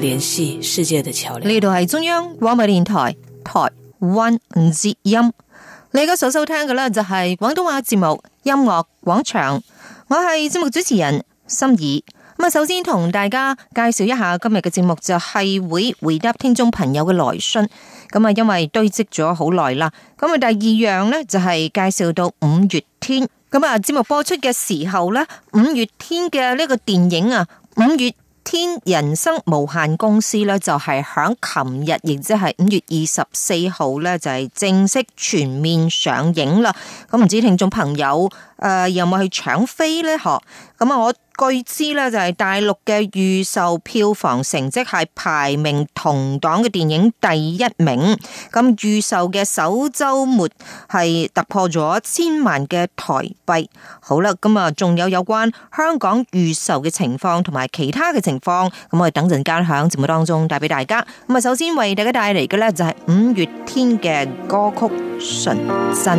聯繫世界的橋梁。呢度係中央廣播電台台灣之音，你而家所收聽嘅呢，就係廣東話節目音樂廣場。我係節目主持人心怡。咁啊，首先同大家介紹一下今日嘅節目，就係會回答聽眾朋友嘅來信。咁啊，因為堆積咗好耐啦。咁啊，第二樣呢，就係介紹到五月天。咁啊，節目播出嘅時候呢，五月天嘅呢個電影啊，五月。天人生無限公司咧，就係響琴日，亦即係五月二十四號咧，就係正式全面上映啦。咁唔知聽眾朋友，誒，有冇去搶飛呢？嗬，咁啊，我據知咧就係大陸嘅預售票房成績係排名同檔嘅電影第一名，咁預售嘅首周末係突破咗千萬嘅台幣。好啦，咁啊，仲有有關香港預售嘅情況同埋其他嘅情況，咁我哋等陣間喺節目當中帶俾大家。咁啊，首先為大家帶嚟嘅咧就係五月天嘅歌曲《純真》。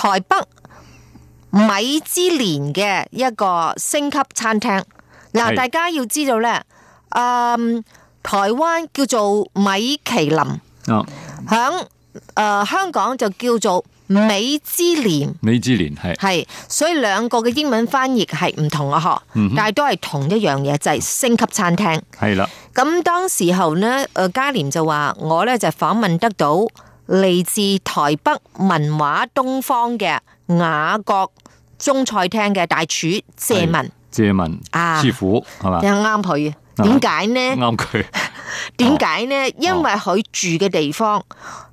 台北米芝蓮嘅一個星級餐廳，嗱，大家要知道咧，誒、呃，台灣叫做米其林，響、哦、誒、呃、香港就叫做米芝蓮，米芝蓮係，係，所以兩個嘅英文翻譯係唔同嘅，嗬、嗯，但係都係同一樣嘢，就係、是、星級餐廳，係啦，咁當時候咧，誒，嘉廉就話我咧就訪問得到。嚟自台北文華東方嘅雅閣中菜廳嘅大廚謝文，謝文啊，師傅係嘛，啱佢嘅。點解呢？啱，點解呢？因為佢住嘅地方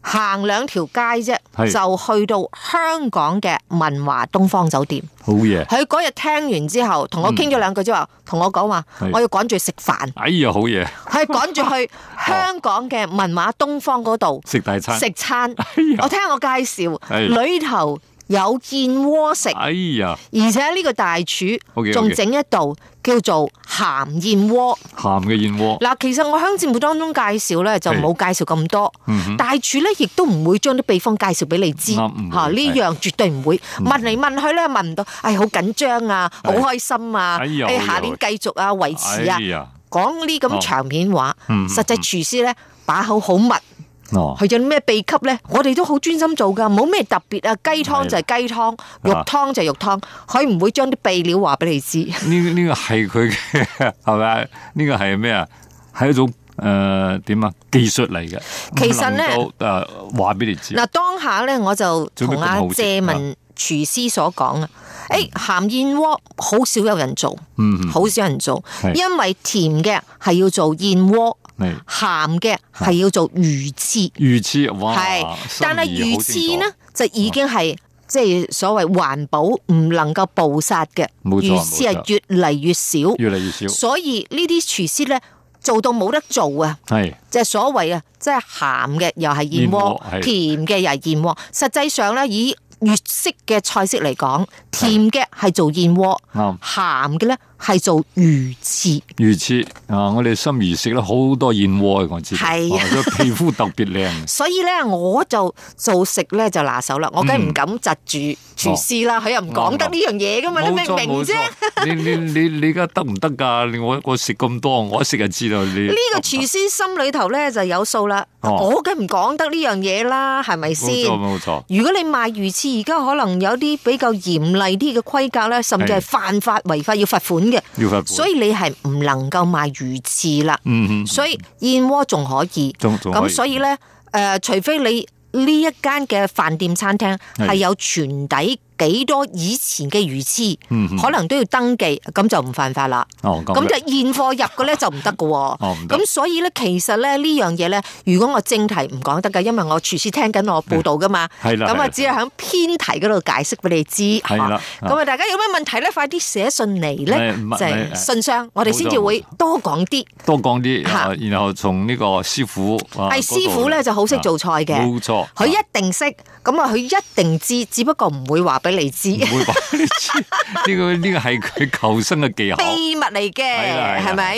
行兩條街啫，就去到香港嘅文華東方酒店。好嘢！佢嗰日聽完之後，同我傾咗兩句之後，同、嗯、我講話我要趕住食飯。哎呀，好嘢！佢趕住去香港嘅文華東方嗰度食大餐，食餐。哎、我聽我介紹裏、哎、頭。有燕窩食、哎，而且呢個大廚仲整一道 okay, okay，叫做鹹燕窩，鹹嘅燕窩。嗱，其實我喺節目當中介紹呢，就冇介紹咁多。哎、大廚呢，亦都唔會將啲秘方介紹俾你知道，吓、嗯、呢、嗯、樣絕對唔會、哎、問嚟問去呢，問唔到。哎，好緊張啊，好、哎、開心啊，哎哎哎、下年繼續啊，維持啊，講呢咁長篇話，哦嗯、實際廚師呢，把口好密。哦，佢有咩秘笈咧？我哋都好專心做噶，冇咩特別啊。雞湯就係雞湯，肉湯就係肉湯，佢唔會將啲秘料話俾你知，這個這個這個呃。呢呢個係佢嘅係咪呢個係咩啊？係一種誒點啊技術嚟嘅。其實咧，誒，話，呃，俾你知。嗱，呃，當下咧我就同阿謝文廚師所講啊。誒，哎，鹹燕窩好少有人做，好，嗯，少人做，是因為甜嘅係要做燕窩。鹹嘅係要做魚翅，魚翅哇！係，但係魚翅呢就已經係即係所謂環保唔能夠暴殺，唔能夠捕殺嘅。魚翅係越嚟越，越少，越嚟越少。所以呢啲廚師呢，做到冇得做啊！係即係所謂啊，即、就、係、是、鹹嘅又係燕窩，甜嘅又係燕窩。實際上呢，以粵式嘅菜式嚟講，甜嘅係做燕窩，嗯、鹹嘅呢。係做魚翅，魚翅啊！我哋心魚食咗好多燕窩，我知道，個、啊啊、皮膚特別靚。所以咧，我就做食咧就拿手啦。我梗係唔敢窒住、嗯、廚師啦，佢、哦、又唔講得呢樣嘢噶嘛，你明唔明啫？你你你你而家得唔得噶？我我食咁多，我一食就知道。你呢、啊這個廚師心裏頭咧就有數啦、哦，我梗唔講得呢樣嘢啦，係咪先？冇錯冇錯。如果你賣魚翅，而家可能有啲比較嚴厲啲嘅規格咧，甚至係犯法違法要罰款。所以你係唔能夠賣魚翅啦。所以燕窩仲可以，咁所以呢，誒、呃，除非你呢一間嘅飯店餐廳係有全底。幾多以前嘅魚翅，嗯，可能都要登記，咁就唔犯法啦。哦，咁，就現貨入嘅咧就唔得噶。咁、哦、所以咧，其實咧呢樣嘢咧，如果我正題唔講得噶，因為我廚師聽緊我報道噶嘛。係、嗯、啦。咁啊，只係響編題嗰度解釋俾你知。係啦。咁啊，大家有咩問題咧，快啲寫信嚟咧，係、哎就係、信箱，我哋先至會多講啲。多講啲。吓、啊，然後從呢個師傅。係、啊啊那個哎、師傅咧、啊、就好識做菜嘅。冇錯。佢、啊、一定識。咁啊，佢一定知，只不過唔會話俾你知。唔會話俾你知，呢、 呢個呢、呢個係佢求生嘅技巧。 秘密嚟嘅，係、哎、咪？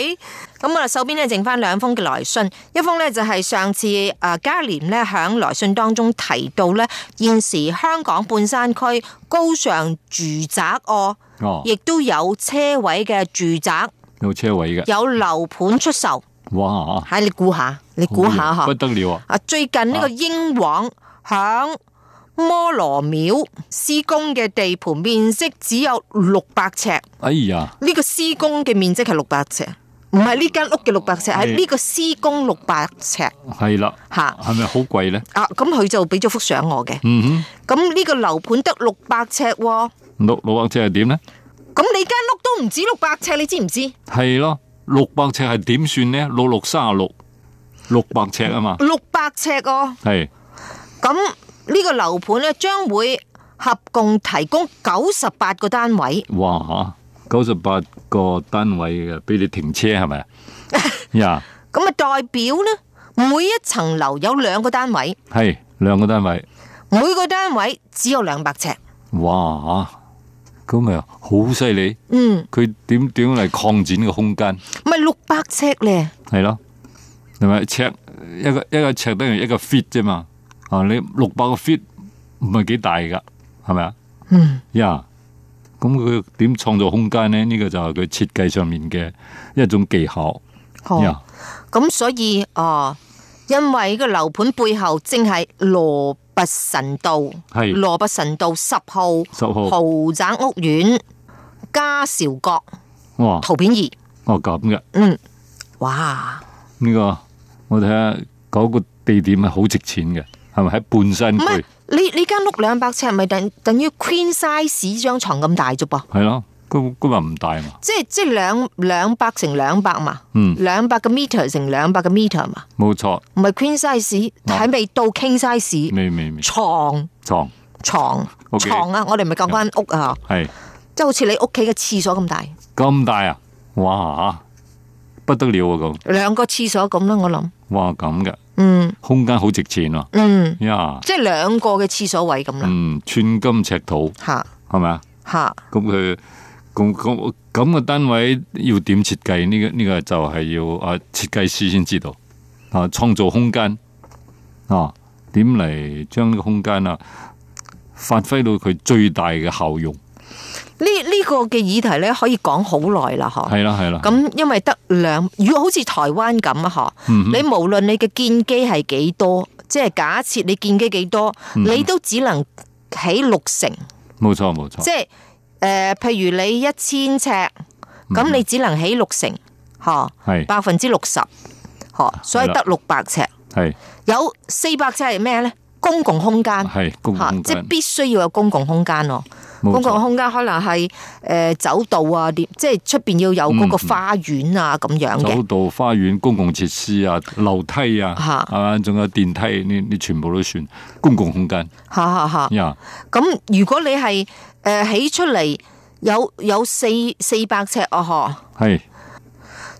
咁我哋手邊咧剩翻兩封嘅來信，一封咧就係上次啊，嘉廉咧喺來信當中提到咧，現時香港半山區高尚住宅哦，亦都有車位嘅住宅。有車位嘅。有樓盤出售。哇！喺你估下，你估下嚇。不得了啊！啊，最近呢個英皇響。摩羅廟施工嘅地盤面積只有六百尺。哎呀，呢、這個施工嘅面積係六百尺，唔係呢間屋嘅六百尺，係呢個施工六百尺。係啦，吓係咪好貴咧？啊，咁佢就俾咗幅相我嘅。嗯哼，咁呢個樓盤得六百尺，六六百尺係點咧？咁你間屋都唔止六百尺，你知唔知？係咯，六百尺係點算咧？六六三十六，六百尺啊嘛。六百尺哦。係，咁。呢、這個樓盤咧，將會合共提供九十八個單位。哇，九十八個單位嘅俾你停車係咪啊？呀！咁啊，代表咧，每一層樓有兩個單位，係兩個單位，每個單位只有兩百尺。哇吓，咁啊好犀利。嗯，佢點點嚟擴展呢個空間？唔係六百尺咧，係咯，係咪尺一個一個，一個尺等於一個 fit 啫嘛？啊！你六百個 fit 唔係幾大噶，係咪啊？嗯。呀，咁佢點創造空間咧？呢、這個就係佢設計上面嘅一種技巧。好、哦、咁、yeah. 嗯、所以啊，因為個樓盤背後正係羅拔臣道，係羅拔臣道十號，十號豪宅屋苑嘉兆閣。哇！圖片二。哦，咁嘅。嗯。哇！呢、這個我睇下嗰個地點係好值錢嘅。係咪喺半身區？唔係，你你間屋兩百尺，咪等等於 queen size 張床咁大啫噃？係咯、啊，咁咁唔大嘛？即係即係兩兩百乘兩百嘛？嗯，兩百個 meter 乘兩百個 meter 嘛？冇錯，唔係 queen size，係、啊、未到 king size？未未，未床床床 okay，床啊！我哋唔係講返屋啊？係、嗯，即係好似你屋企嘅廁所咁大。咁大啊！哇、嗰個、不得了啊！咁兩個廁所咁啦，我諗。哇，咁嘅。嗯，空間好值錢咯。嗯，呀，yeah，即係兩個嘅廁所位咁啦。嗯，寸金尺土，吓，係咪啊？吓，咁佢咁咁咁嘅單位要點設計呢個呢個，就係要啊設計師先知道啊，創造空間啊，點嚟將呢個空間啊發揮到佢最大嘅效用。呢呢、這個嘅議題咧可以講好耐啦，嗬。係啦係啦。咁因為得兩，如果好似台灣咁啊，嗬、嗯。你無論你嘅建基係幾多，即係假設你建基幾多、嗯，你都只能起六成。冇、嗯、錯冇錯。即係誒、呃，譬如你一千尺，咁、嗯、你只能起六成，嗬、嗯。係。百分之六十，嗬，所以得六百尺。係。有四百尺係咩咧？公共空間。係公共空間。即係必須要有公共空間咯。公共空間可能係誒、呃、走道啊，即係出邊要有嗰個花園啊咁樣、嗯、走道、花園、公共設施啊、樓梯啊、係、啊、仲、啊、有電梯，你你全部都算公共空間。吓吓吓！咁、啊啊啊、如果你係誒、呃、起出嚟，有有四四百尺哦、啊、嗬，係，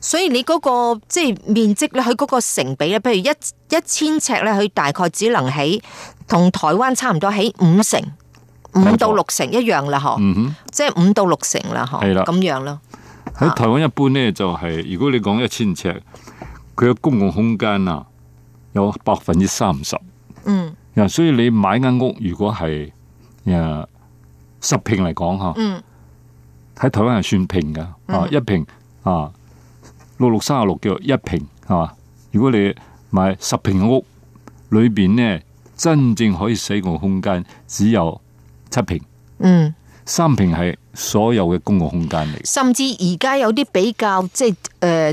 所以你嗰、那個即係、就是、面積咧，佢嗰個成比咧，譬如一一千尺咧，佢大概只能起同台灣差唔多起五成。五到六成一樣啦，嗬、嗯，即係五到六成啦，嗬，咁樣咯。喺台灣一般咧就係、是，如果你講一千尺，佢、啊、嘅公共空間啊有百分之三十，嗯，啊，所以你買間屋如果係誒、啊、十坪嚟講，吓、嗯，喺台灣係算坪嘅、嗯、啊，一坪啊六六三十六叫一坪係嘛。如果你買十坪嘅屋裡面呢，裏邊咧真正可以使用空間只有。七平，嗯，三平係所有嘅公共空間嚟。甚至而家有啲比較即係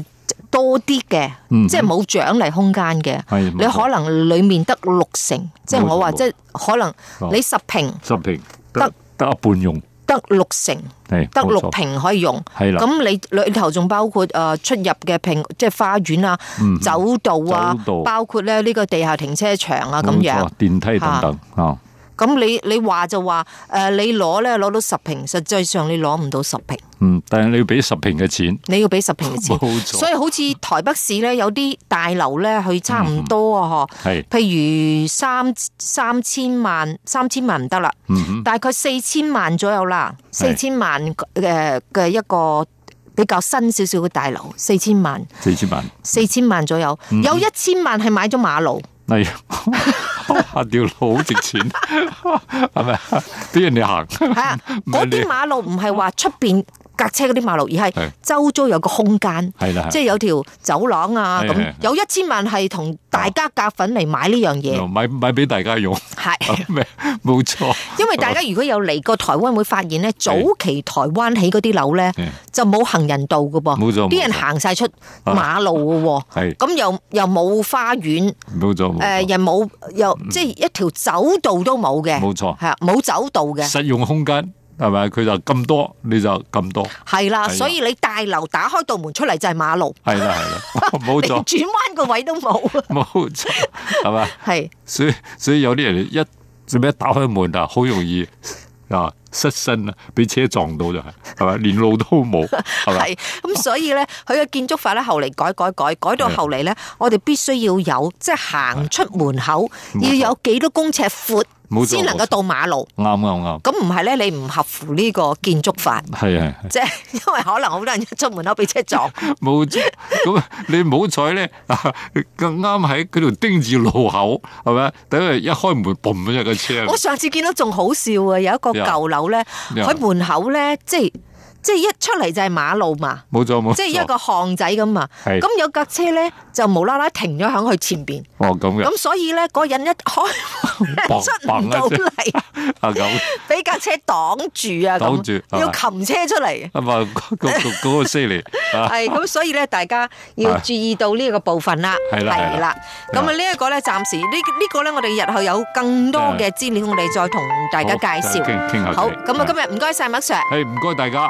誒多啲嘅、嗯，即係冇獎勵空間嘅，係你可能裏面得六成，就是、即係我話即係可能你十平，哦、十平得得一半用，得六成，係得六平可以用，係啦。咁你裏頭仲包括誒出入嘅平，即係花園啊、嗯，走道啊，走道包括咧呢個地下停車場啊，咁樣電梯等等啊。咁你你話就話誒，你攞咧攞到十坪，實際上你攞唔到十坪。嗯，但係你要俾十坪嘅錢。你要俾十坪嘅錢。冇錯。所以好似台北市咧，有啲大樓咧，佢差唔多啊，嗬、嗯。係。譬如三三千萬，三千萬唔得啦。大概四千萬左右啦，四千萬嘅嘅一個比較新少少嘅大樓，四千萬。四千萬。四千萬左右，有一千萬係買咗馬路。係、嗯。 條 路好值錢，係咪俾人哋行？係啊，嗰啲馬路唔係話出邊。 隔車嗰啲馬路，而係周遭有個空間，即係有條走廊啊咁、嗯。有一千萬係同大家夾份嚟買呢樣嘢，買買俾大家用，係，冇 錯。因為大家如果有嚟過台灣，會發現咧，早期台灣起嗰啲樓咧就冇行人道嘅噃，冇錯，啲人行晒出馬路嘅喎，咁、啊嗯、又又冇花園，冇錯，誒、呃、又冇又、嗯、即係一條走道都冇嘅，冇錯，係冇走道嘅，實用空間。係咪？佢就咁多，你就咁多。係啦，所以你大樓打開道門出嚟就係馬路。係啦係啦，冇錯，連轉彎個位都冇。冇錯，係嘛？係，所以所以有啲人一做咩打開門啊，好容易啊失身啊，俾車撞到就係，係咪？連路都冇，係。咁所以咧，佢嘅建築法咧，後嚟改改改，改到後嚟咧，我哋必須要有，即係行出門口要有幾多公尺闊。先能夠到馬路，啱啊啱！咁唔係咧，你唔合乎呢個建築法，係啊，即係因為可能好多人一出門口俾車撞，冇錯。咁你唔好彩咧，咁啱喺嗰條丁字路口係咪啊？等佢一開門，嘣咗一個車。我上次見到仲好笑啊，有一個舊樓咧喺門口咧，即係。即係一出嚟就係馬路嘛，冇錯，冇錯，即係一個巷仔咁啊，咁有架車咧就無啦啦停咗喺佢前邊，咁所以咧，嗰人一開出唔到嚟，俾架車擋住啊，擋住，要擒車出嚟，係咁所以咧大家要注意到呢一個部分啦，係啦，咁啊呢一個咧暫時呢呢個咧我哋日後有更多嘅資料我哋再同大家介紹，好，咁啊今日唔該晒麥 sir，誒唔該大家。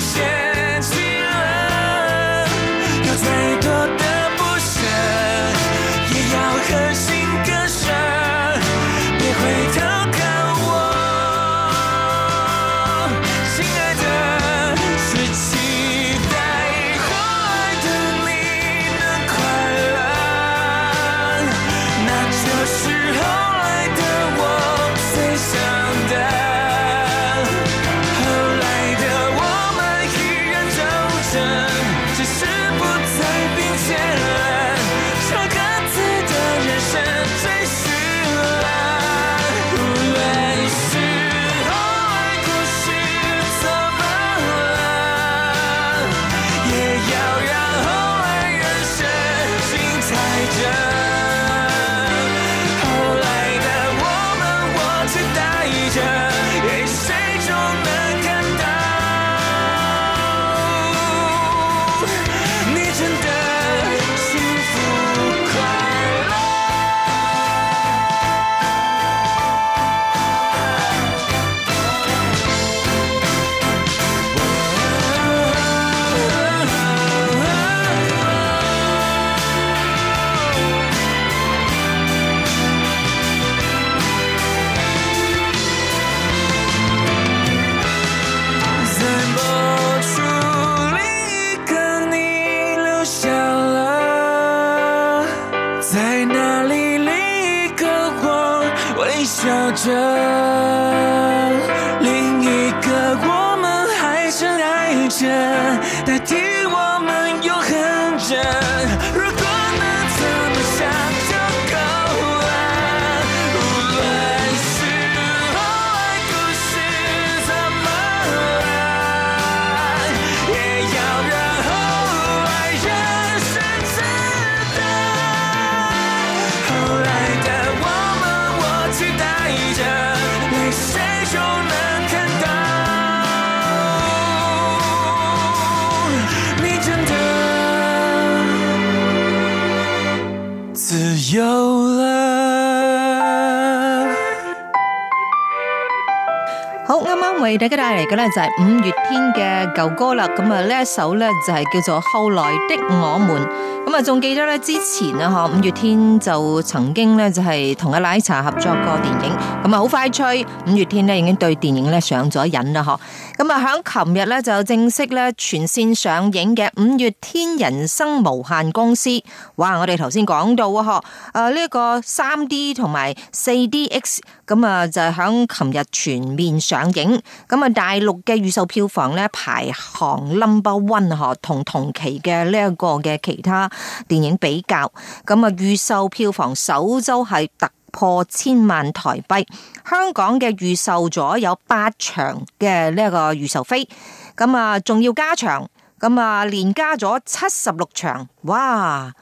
好啱啱為大家帶嚟嘅呢，就係五月天嘅舊歌啦，咁啊呢一首呢，就係叫做後來的我們，咁啊仲記得呢之前啊嗬，五月天就曾經呢，就係同阿奶茶合作過電影，咁啊好快脆，五月天呢已經對電影呢上咗癮啦嗬，咁啊響琴日呢，就正式呢，全線上映嘅五月天人生無限公司，哇！我哋頭先講到啊嗬，誒呢個三 D 同埋四 DX。咁啊，就係喺琴日全面上映。咁啊，大陸嘅預售票房咧排行 number one，同同期嘅呢一個嘅其他電影比較。咁啊，預售票房首周係突破千萬台幣。香港嘅預售咗有八場嘅呢一個預售飛。咁啊，仲要加場。咁啊，連加咗七十六場。哇！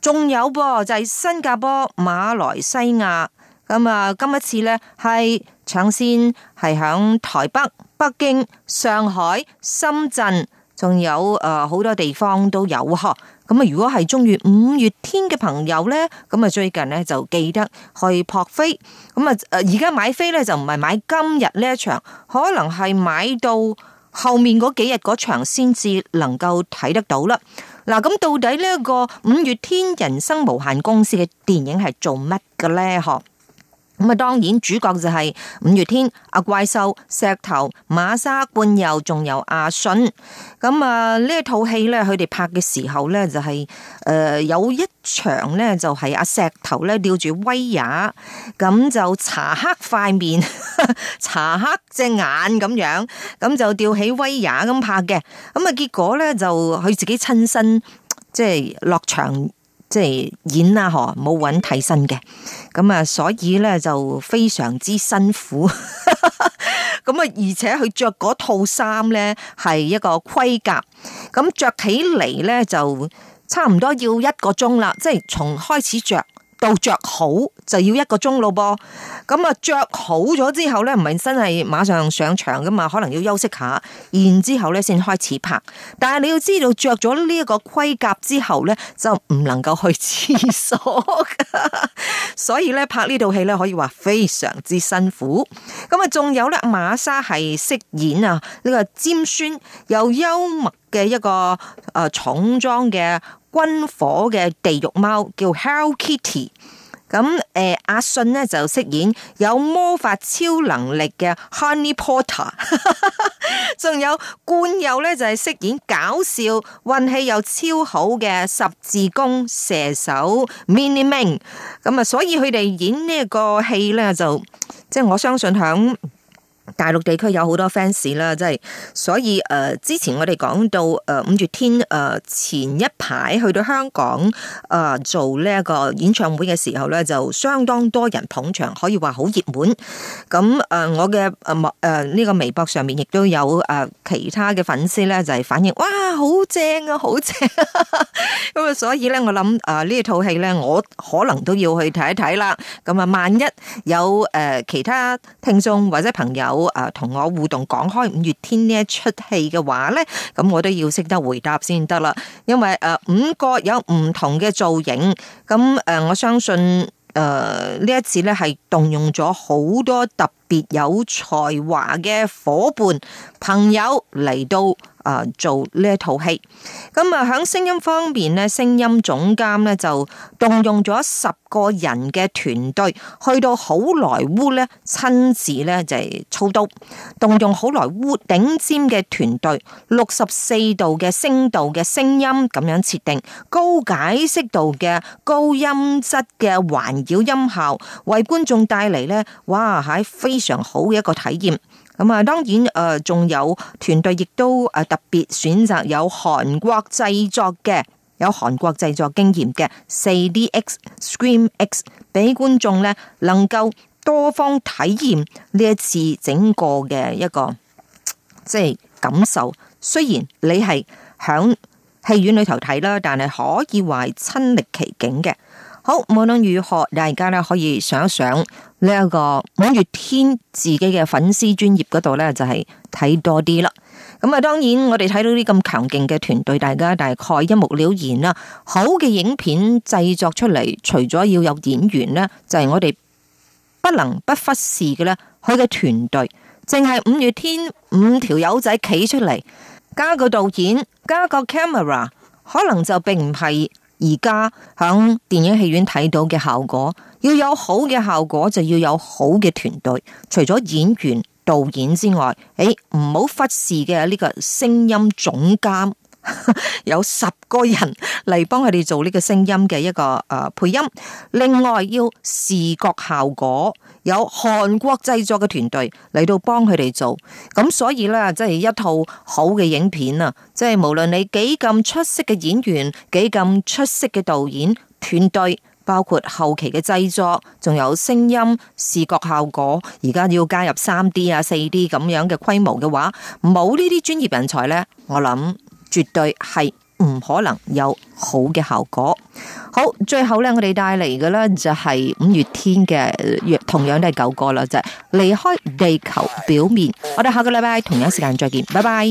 仲有噃，就係新加坡、馬來西亞。咁啊，今一次咧係搶先係響台北、北京、上海、深圳，仲有誒好多地方都有呵。咁啊，如果係中意五月天嘅朋友咧，咁啊最近咧就記得去撲飛。咁啊，而家買飛咧就唔係買今日呢一場，可能係買到後面嗰幾日嗰場先至能夠睇得到啦。嗱，咁到底呢一個五月天人生無限公司嘅電影係做乜嘅咧？呵？咁啊，當然主角就係五月天阿怪獸、石頭、馬沙、冠佑，仲有阿信。咁啊，呢一套戲咧，佢哋拍嘅時候咧，就係，誒，有一場咧，就係阿石頭咧吊住威也，咁就查黑塊面，查黑隻眼咁樣，咁就吊起威也咁拍嘅。咁啊，結果咧就佢自己親身即係落場。即係演啦，嗬，冇揾替身嘅。咁啊，所以咧就非常之辛苦，咁啊，而且佢着嗰套衫咧係一個盔甲，咁着起嚟咧就差唔多要一個鐘啦，即係從開始着到着好。就要一個鐘咯噃，咁啊着好咗之後咧，唔係真係馬上上場噶嘛，可能要休息下，然之後咧先開始拍。但係你要知道，着咗呢一個盔甲之後咧，就唔能夠去廁所㗎，所以咧拍呢套戲咧可以話非常之辛苦。咁啊，仲有咧，馬莎係飾演啊呢個尖酸又幽默嘅一個誒重裝嘅軍火嘅地獄貓，叫 Hell Kitty。咁，誒、啊，阿信咧就飾演有魔法超能力嘅 Honey Potter，仲 有冠佑咧就係、是、飾演搞笑、運氣又超好嘅十字弓射手 Mini Ming。咁啊，所以佢哋演呢個戲咧，就即係我相信響。大陸地區有好多 fans 啦，即係所以誒之前我哋講到誒五月天誒前一排去到香港誒做呢一個演唱會嘅時候咧，就相當多人捧場，可以話好熱門咁。誒我嘅誒誒呢個微博上面亦都有誒其他嘅粉絲咧，就係反映哇，好正啊，好正！咁啊， 所以咧，我諗誒呢一套戲咧，我可能都要去睇一睇啦。咁啊，萬一有誒其他聽眾或者朋友，同、啊、我互動講開五月天呢一出戲嘅話呢，咁我都要識得回答先得啦，因為誒、啊、五個有唔同嘅造型，咁誒、啊、我相信誒呢、啊、一次呢係動用咗好多特別。別有才華嘅夥伴朋友嚟到啊做呢一套戲，咁啊響聲音方面咧，聲音總監咧就動用咗十個人嘅團隊去到好萊塢咧親自咧就係操刀，動用好萊塢頂尖嘅團隊，六十四度嘅聲道嘅聲音咁樣設定，高解析度嘅高音質嘅環繞音效，為觀眾帶嚟咧哇喺非。非常好嘅一個體驗，咁啊，當然誒，仲有團隊亦都誒特別選擇有韓國製作嘅，有韓國製作經驗嘅四 DX Screen X，俾觀眾咧能夠多方體驗呢一次整個嘅一個即係、就是、感受。雖然你係響戲院裏頭睇啦，但係可以話親歷其境嘅。好，無論如何，大家咧可以想一想呢一個五月天自己嘅粉絲專業嗰度咧，就係睇多啲啦。咁啊，當然我哋睇到啲咁強勁嘅團隊，大家大概一目了然啦。好嘅影片製作出嚟，除咗要有演員呢，就係我哋不能不忽視嘅咧，佢嘅團隊。淨係五月天五條友仔企出嚟，加個導演，加個 camera，可能就並唔係。而家喺，喺電影戲院睇到嘅效果，要有好嘅效果就要有好嘅團隊。除咗演員、導演之外，誒唔好忽視嘅呢個聲音總監。 有十個人嚟幫佢哋做呢個聲音嘅一個誒配音，另外要視覺效果，有韓國製作嘅團隊嚟到幫佢哋做。咁所以呢，即係一套好嘅影片啊！即係無論你幾咁出色嘅演員，幾咁出色嘅導演團隊，包括後期嘅製作，仲有聲音、視覺效果，而家要加入三 D 啊、四 D 咁樣嘅規模嘅話，冇呢啲專業人才呢，我諗，絕對係唔可能有好嘅效果。好，最後咧，我哋帶嚟嘅咧就係五月天嘅，同樣都係九個啦，就係離開地球表面。我哋下個禮拜同樣時間再見，拜拜。